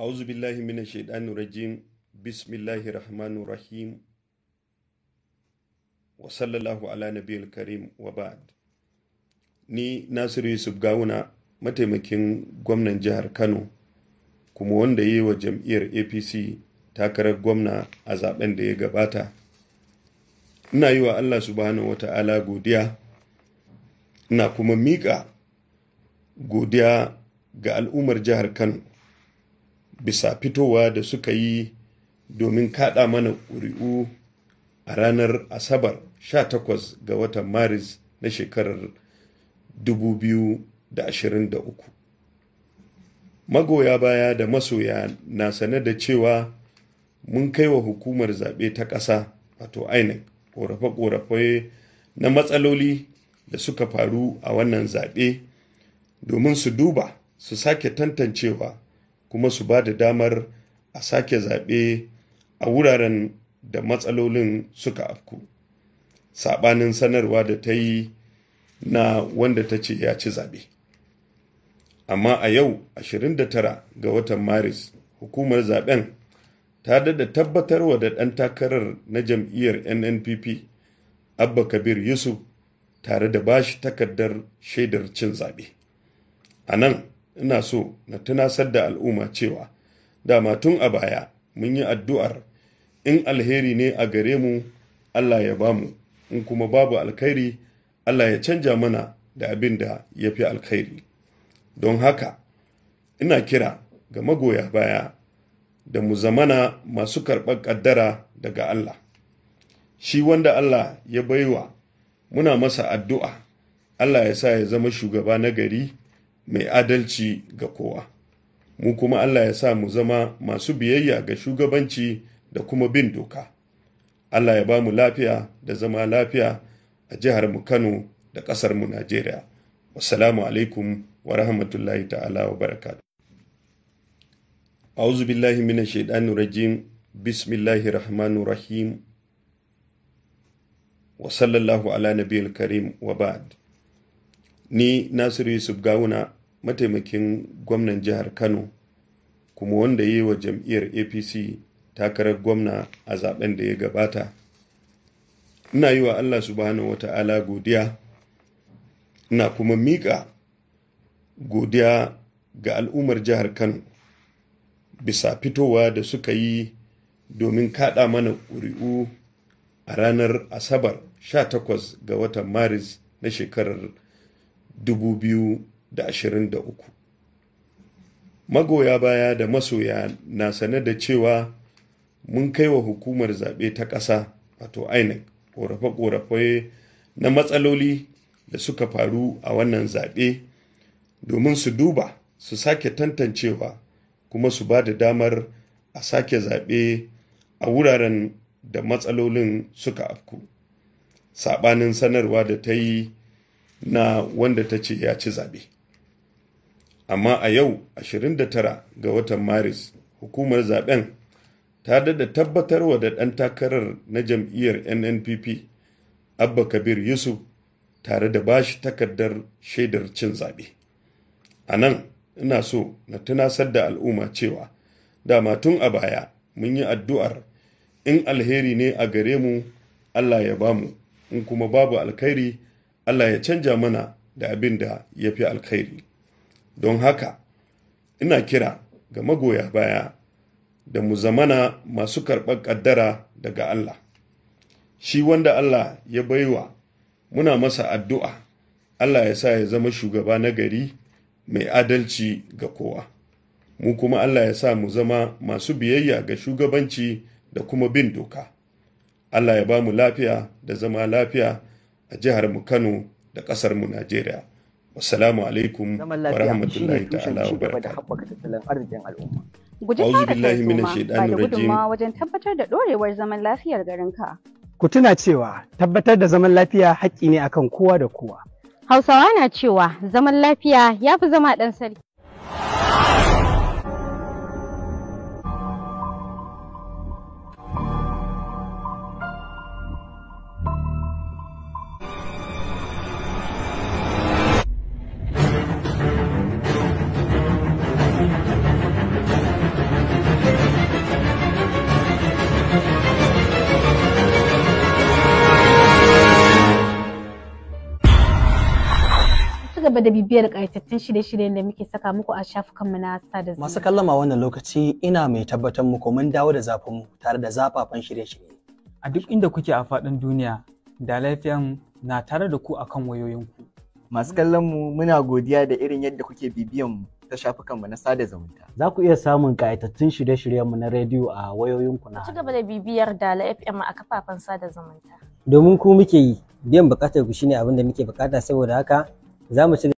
أعوذ بالله من الشيطان الرجيم بسم الله الرحمن الرحيم وصلى الله على نبي الكريم وبعد ni Nasiru Yusuf Gawuna mataimakin gwamnan jihar Kano kuma wanda yi wa jam'iyyar APC takarar gwamna a zaben da ya gabata ina yi wa Allah subhanahu wata'ala godiya ina kuma miƙa godiya ga al'ummar jihar Kano bisa fitowa da suka yi domin kaɗa mana ƙuri'u a ranar Asabar 18 ga watan Maris na shekarar 2023. Magoya baya da masoya na sane da cewa mun kai wa hukumar zaɓe ta ƙasa wato INEC ƙorafe-ƙorafe na matsaloli da suka faru a wannan zaɓe domin su duba su sake tantancewa kuma su ba da damar a sake zaɓe a wuraren da matsalolin suka afku saɓanin sanarwa da ta yi na wanda ta ce ya ci zaɓe amma a yau 29 ga watan maris hukumar zaɓen, ta dada tabbatarwa da ɗan takarar na jam'iyyar nnpp abba kabir yusuf tare da ba shi takardar shaidar cin zaɓe a nan ina so na tunasar da al'umma cewa dama tun a baya mun yi addu'ar in alheri ne a gare mu Allah ya bamu in kuma babu alkhairi Allah ya canja mana da abin da ya fi alkhairi don haka ina kira ga magoya baya da mu zamana masu karɓar ƙaddara daga Allah shi wanda Allah ya baiwa muna masa addu'a Allah ya sa ya zama shugaba na gari mai adalci ga kowa mu kuma Allah ya sa mu zama masu biyayya ga shugabanci da kuma bin doka Allah ya ba mu lafiya da zama lafiya a jihar mu Kano da ƙasar mu Najeriya wassalamu alaikum wa rahmatullahi ta'ala wa barakatuh Auzubillahi mina minash shaitanir rajim. Bismillahir rahmanir rahim. Wa sallallahu ala nabiyil karim wa ba'd. ni nasiru yusuf gawuna mataimakin gwamnan jihar kano kuma wanda yi wa jam'iyyar apc takarar gwamna a zaben da ya gabata ina yi wa allah subhanahu wata'ala godiya ina kuma miƙa godiya ga al'ummar jihar kano bisa fitowa da suka yi domin kaɗa mana ƙuri'u a ranar asabar 18 ga watan maris na shekarar 2023 magoya baya da masoya na sane da cewa mun kai wa hukumar zaɓe ta ƙasa wato inec ƙorafe-ƙorafe na matsaloli da suka faru a wannan zaɓe domin su duba su sake tantancewa kuma su ba da damar a sake zaɓe a wuraren da matsalolin suka afku saɓanin sanarwa da ta yi na wanda ta ce ya ci zaɓe. Amma a yau 29 ga watan Maris hukumar zaɓen ta dada tabbatarwa da ɗan takarar na jam'iyyar NNPP Abba Kabir Yusuf tare da bashi takardar shaidar cin zaɓe. A nan ina so na tunasar da al'umma cewa dama tun a baya mun yi addu'ar in alheri ne a gare mu Allah ya bamu in kuma babu alkhairi Allah ya canja mana da abin da ya fi alkhairi. Don haka, ina kira ga magoya baya da mu zamana masu karɓar ƙaddara daga Allah. Shi wanda Allah ya baiwa, muna masa addu'a, Allah ya sa ya zama shugaba na gari mai adalci ga kowa. Mu kuma Allah ya sa mu zama masu biyayya ga shugabanci da kuma bin doka. Allah ya ba mu lafiya da zama lafiya. a jihar mu Kano da ƙasar mu Najeriya. Wassalamu alaikum wa rahmatullahi ta'ala wa barakatuh. Guji ba da wajen tabbatar da ɗorewar zaman lafiyar garinka. Ku tuna cewa tabbatar da zaman lafiya haƙƙi ne akan kowa da kowa. Hausawa na cewa zaman lafiya ya fi zama ɗan sarki. gaba da bibiyar ƙayatattun shirye-shiryen da muke saka muku a shafukanmu na sada zumunta. Masu kallama wannan lokaci ina mai tabbatar muku mun dawo da zafinmu tare da zafafan shirye-shirye. A duk inda kuke a faɗin duniya, da lafiyan na tare da ku akan wayoyinku. Masu kallon mu muna godiya da irin yadda kuke bibiyan mu ta shafukanmu na sada zumunta. Za ku iya samun ƙayatattun shirye-shiryenmu na rediyo a wayoyinku na. Ci gaba da bibiyar Dala FM a kafafen sada zumunta. Domin ku muke yi, biyan bukatar ku shine abin da muke bukata saboda haka za mu ci